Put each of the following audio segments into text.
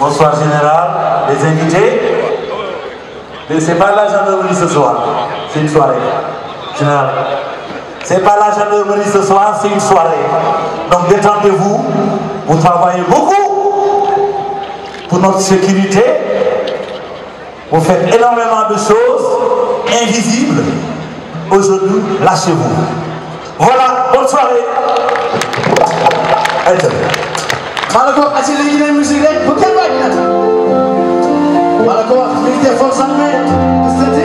Bonsoir général, les invités. Mais c'est pas la gendarmerie ce soir, c'est une soirée. Général. C'est pas la gendarmerie ce soir, c'est une soirée. Donc détendez-vous, vous travaillez beaucoup pour notre sécurité. Vous faites énormément de choses invisibles. Aujourd'hui, lâchez-vous. Voilà, bonne soirée. Malakoff açıldı yine müzikle bu kez bakın. Malakoff bir defa sanmayın. Kısıtı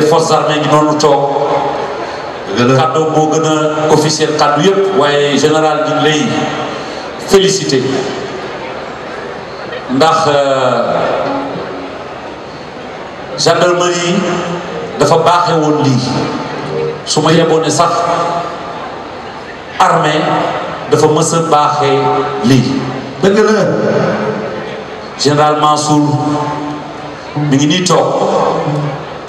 des forces armées ngi noonu toog kàddu moo gën a officiel kàddu yëpp waaye général ñu ngi lay félicité ndax euh, gendarmerie dafa baaxee woon lii su ma yeboo ne sax armée dafa mës a baaxee lii général Mansour mi ngi nii toog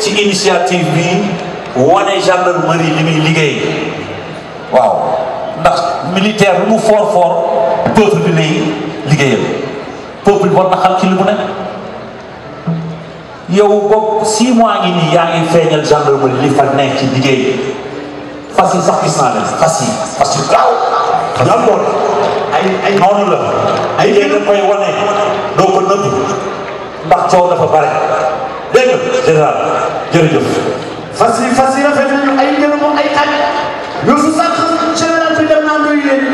ci initiative bi wane gendarmerie li muy liggéey waaw ndax militaire lu mu fort fort peuple bi lay liggéeyal peuple war na xam ci li mu nekk yow bopp six mois ngi nii yaa ngi feeñal gendarmerie li fa nekk ci liggéey fas sax gis naa leen fas yi fas ay ay noonu wane doo ko nëbb ndax coow dafa bare dégg nga déjà jërëjëf fas yi fas yi rafet nañu ay njëriñu ay xaj yow su sax général bi dem naa nuyu leen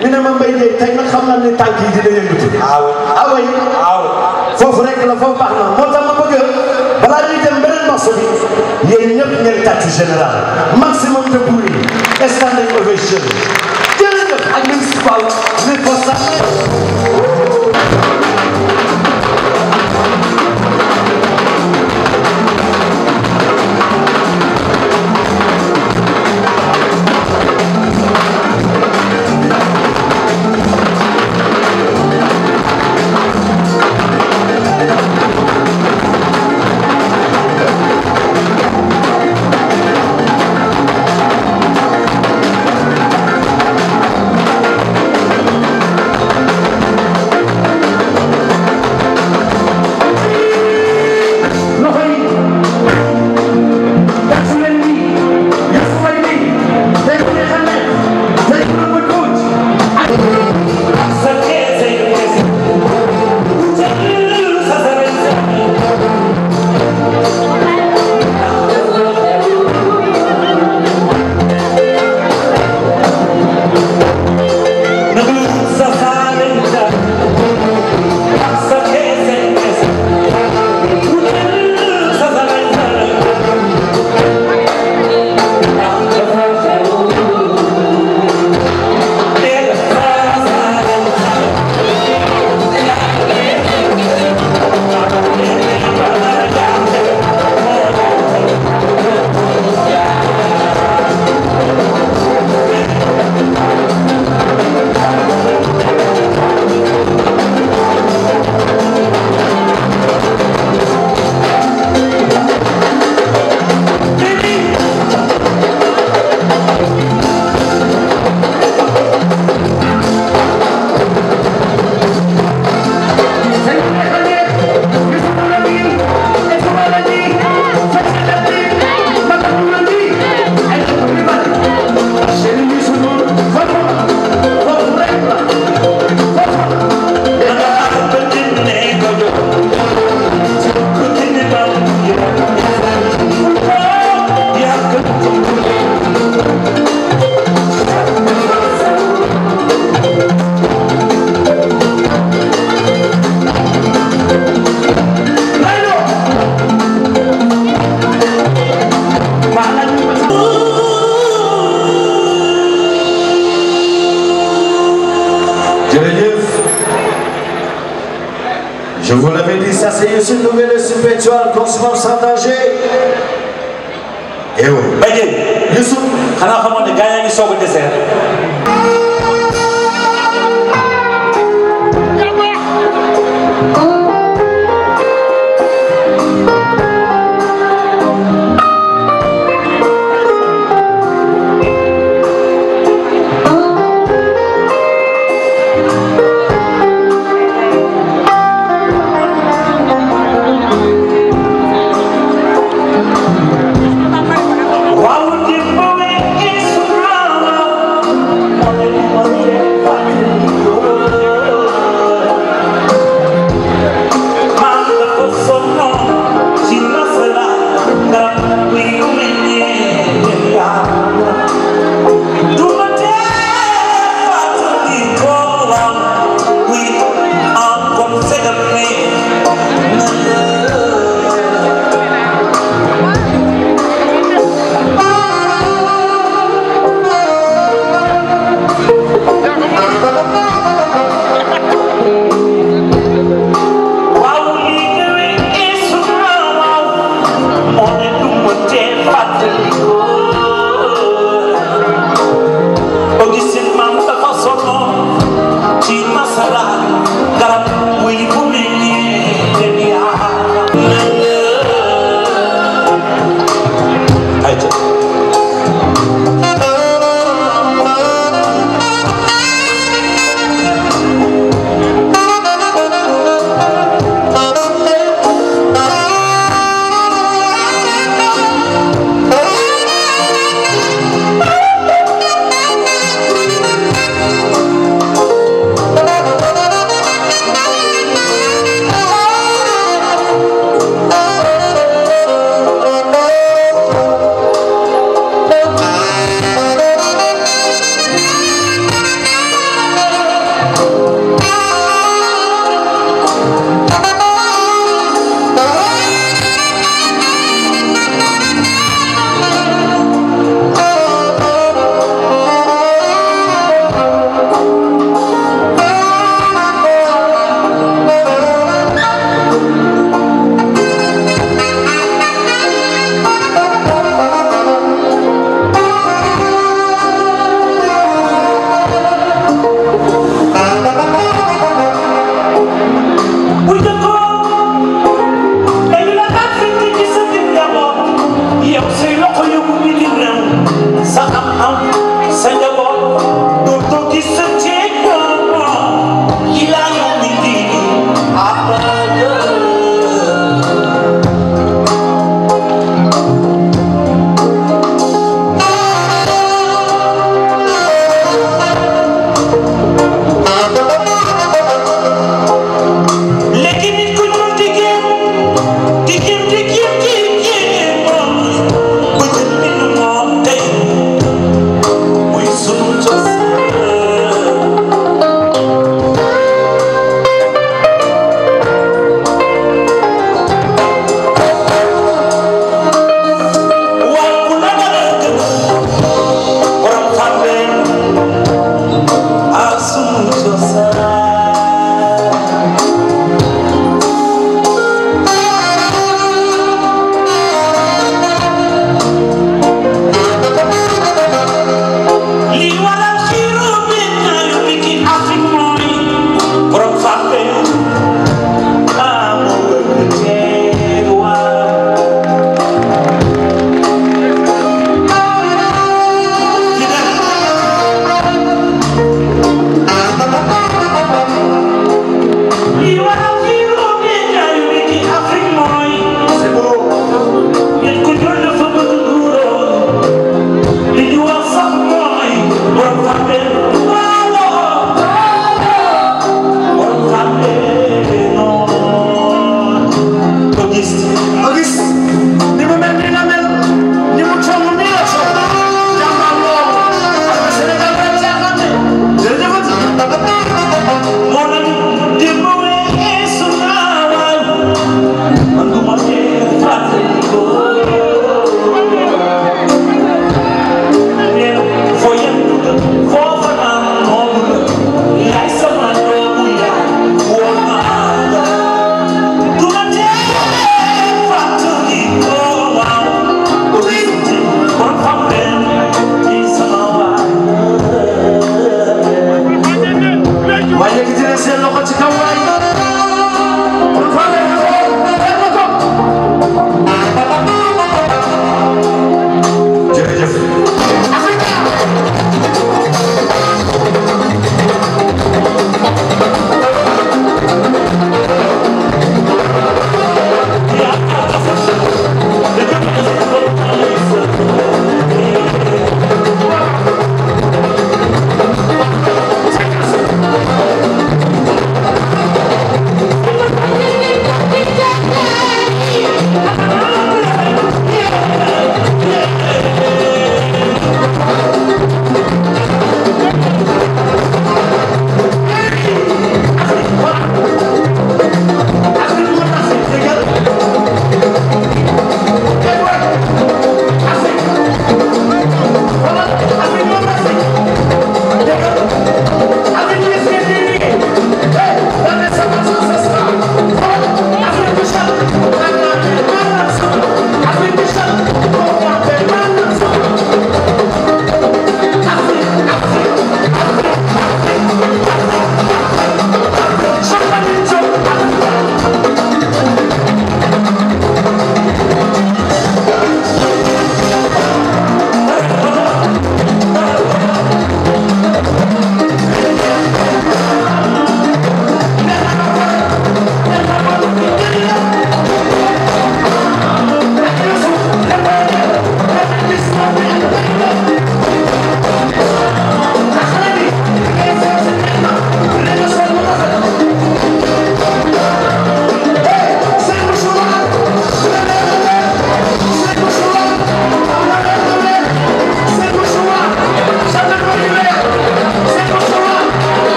ñu ne ma mbay léegi tey nag xam naa ne tànk yi dina yëngatu. waaw waaw waaw foofu rek la foofu baax na moo tax ma bëgg balaa ñuy dem beneen morceau bi yéen ñëpp ngeen tàccu général maximum de bruit standing ovation jërëjëf ak municipal les postes